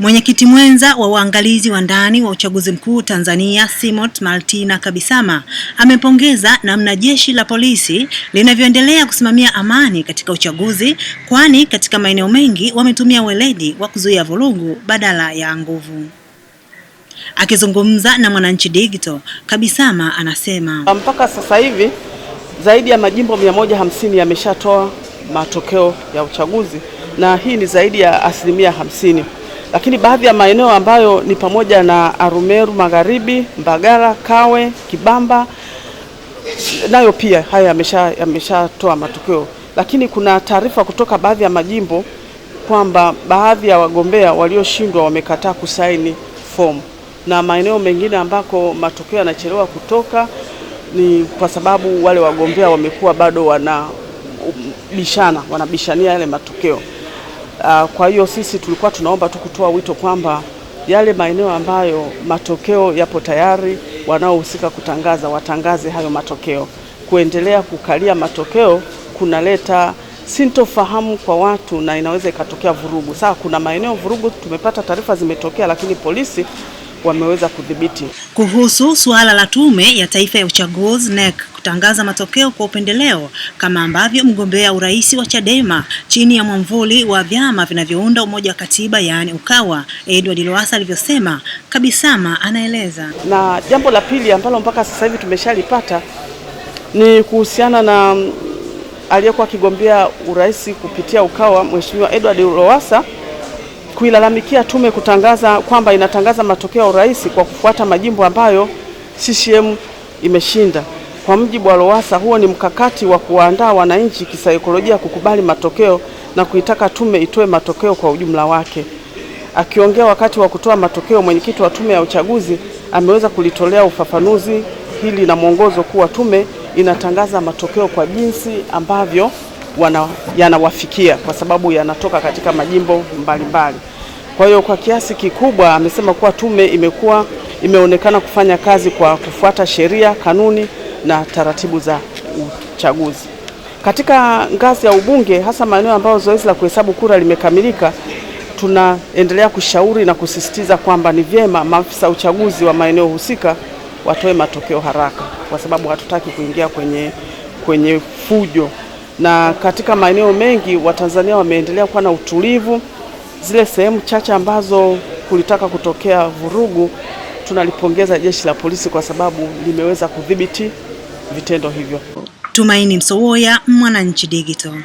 Mwenyekiti mwenza wa waangalizi wa ndani wa uchaguzi mkuu Tanzania Simot maltina Kabisama amepongeza namna jeshi la polisi linavyoendelea kusimamia amani katika uchaguzi, kwani katika maeneo mengi wametumia weledi wa kuzuia vurugu badala ya nguvu. Akizungumza na Mwananchi Digital, Kabisama anasema mpaka sasa hivi zaidi ya majimbo 150 yameshatoa matokeo ya uchaguzi na hii ni zaidi ya asilimia hamsini lakini baadhi ya maeneo ambayo ni pamoja na Arumeru Magharibi, Mbagala, Kawe, Kibamba nayo pia haya yameshatoa matokeo, lakini kuna taarifa kutoka baadhi ya majimbo kwamba baadhi ya wagombea walioshindwa wamekataa kusaini fomu, na maeneo mengine ambako matokeo yanachelewa kutoka ni kwa sababu wale wagombea wamekuwa bado wanabishana, um, wanabishania yale matokeo. Ah, kwa hiyo sisi tulikuwa tunaomba tu kutoa wito kwamba yale maeneo ambayo matokeo yapo tayari, wanaohusika kutangaza watangaze hayo matokeo. Kuendelea kukalia matokeo kunaleta sintofahamu kwa watu na inaweza ikatokea vurugu. Sasa kuna maeneo vurugu tumepata taarifa zimetokea, lakini polisi wameweza kudhibiti. Kuhusu suala la Tume ya Taifa ya Uchaguzi NEC kutangaza matokeo kwa upendeleo kama ambavyo mgombea urais wa Chadema chini ya mwamvuli wa vyama vinavyounda umoja wa katiba yaani Ukawa, Edward Lowassa alivyosema, Kabisama anaeleza. Na jambo la pili ambalo mpaka sasa hivi tumeshalipata ni kuhusiana na mm, aliyekuwa akigombea urais kupitia Ukawa Mheshimiwa Edward Lowassa kuilalamikia tume kutangaza kwamba inatangaza matokeo ya urais kwa kufuata majimbo ambayo CCM imeshinda. Kwa mjibu wa Lowassa, huo ni mkakati wa kuwaandaa wananchi kisaikolojia kukubali matokeo na kuitaka tume itoe matokeo kwa ujumla wake. Akiongea wakati wa kutoa matokeo, mwenyekiti wa tume ya uchaguzi ameweza kulitolea ufafanuzi hili na mwongozo kuwa tume inatangaza matokeo kwa jinsi ambavyo yanawafikia kwa sababu yanatoka katika majimbo mbalimbali Kwa hiyo kwa kiasi kikubwa amesema kuwa tume imekuwa imeonekana kufanya kazi kwa kufuata sheria, kanuni na taratibu za uchaguzi. Katika ngazi ya ubunge, hasa maeneo ambayo zoezi la kuhesabu kura limekamilika, tunaendelea kushauri na kusisitiza kwamba ni vyema maafisa uchaguzi wa maeneo husika watoe matokeo haraka, kwa sababu hatutaki kuingia kwenye, kwenye fujo na katika maeneo mengi Watanzania wameendelea kuwa na utulivu. Zile sehemu chache ambazo kulitaka kutokea vurugu, tunalipongeza jeshi la polisi kwa sababu limeweza kudhibiti vitendo hivyo. Tumaini Msowoya, Mwananchi Digital.